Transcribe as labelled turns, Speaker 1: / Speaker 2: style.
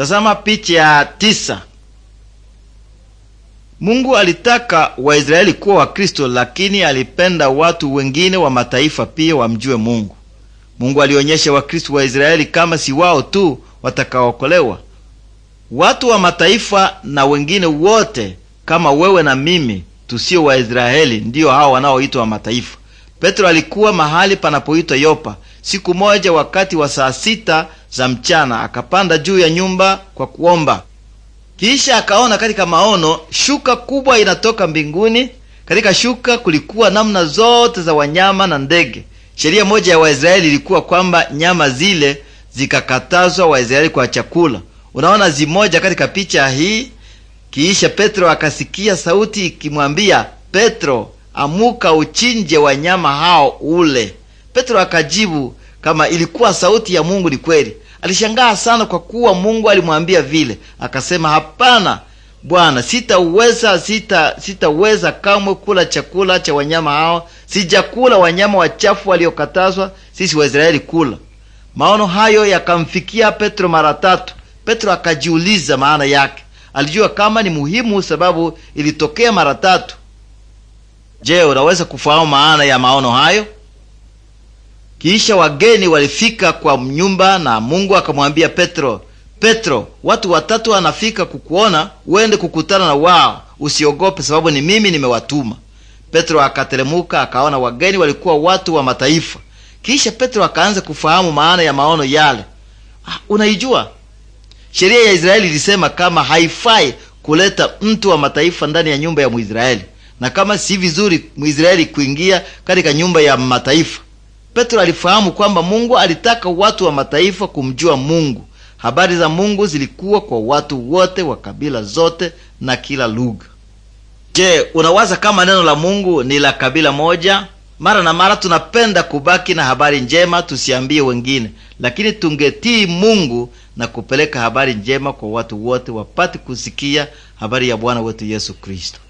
Speaker 1: Tazama picha ya tisa. Mungu alitaka Waisraeli kuwa Wakristo, lakini alipenda watu wengine wa mataifa pia wamjue Mungu. Mungu alionyesha Wakristo wa Israeli kama si wao tu watakaokolewa, watu wa mataifa na wengine wote kama wewe na mimi tusio Waisraeli ndiyo hao wanaoitwa wa mataifa. Petro alikuwa mahali panapoitwa Yopa, Siku moja wakati wa saa sita za mchana akapanda juu ya nyumba kwa kuomba. Kisha akaona katika maono shuka kubwa inatoka mbinguni. Katika shuka kulikuwa namna zote za wanyama na ndege. Sheria moja ya Waisraeli ilikuwa kwamba nyama zile zikakatazwa Waisraeli kwa chakula. Unaona zimoja katika picha hii. Kiisha Petro akasikia sauti ikimwambia, Petro, amuka uchinje wanyama hao ule. Petro akajibu kama ilikuwa sauti ya Mungu ni kweli. Alishangaa sana kwa kuwa Mungu alimwambia vile. Akasema, hapana Bwana, sitaweza sita sitaweza kamwe kula chakula cha wanyama hao. Sijakula wanyama wachafu waliokatazwa sisi Waisraeli kula. Maono hayo yakamfikia Petro mara tatu. Petro akajiuliza maana yake. Alijua kama ni muhimu, sababu ilitokea mara tatu. Je, unaweza kufahamu maana ya maono hayo? Kisha wageni walifika kwa mnyumba, na Mungu akamwambia Petro, Petro, watu watatu wanafika kukuona, wende kukutana na wao, usiogope, sababu ni mimi nimewatuma. Petro akatelemuka, akaona wageni walikuwa watu wa mataifa. Kisha Petro akaanza kufahamu maana ya maono yale. Ha, ah, unaijua sheria ya Israeli ilisema kama haifai kuleta mtu wa mataifa ndani ya nyumba ya Mwisraeli, na kama si vizuri Mwisraeli kuingia katika nyumba ya mataifa. Petro alifahamu kwamba Mungu alitaka watu wa mataifa kumjua Mungu. Habari za Mungu zilikuwa kwa watu wote wa kabila zote na kila lugha. Je, unawaza kama neno la Mungu ni la kabila moja? Mara na mara tunapenda kubaki na habari njema tusiambie wengine, lakini tungetii Mungu na kupeleka habari njema kwa watu wote wapate kusikia habari ya Bwana wetu Yesu Kristo.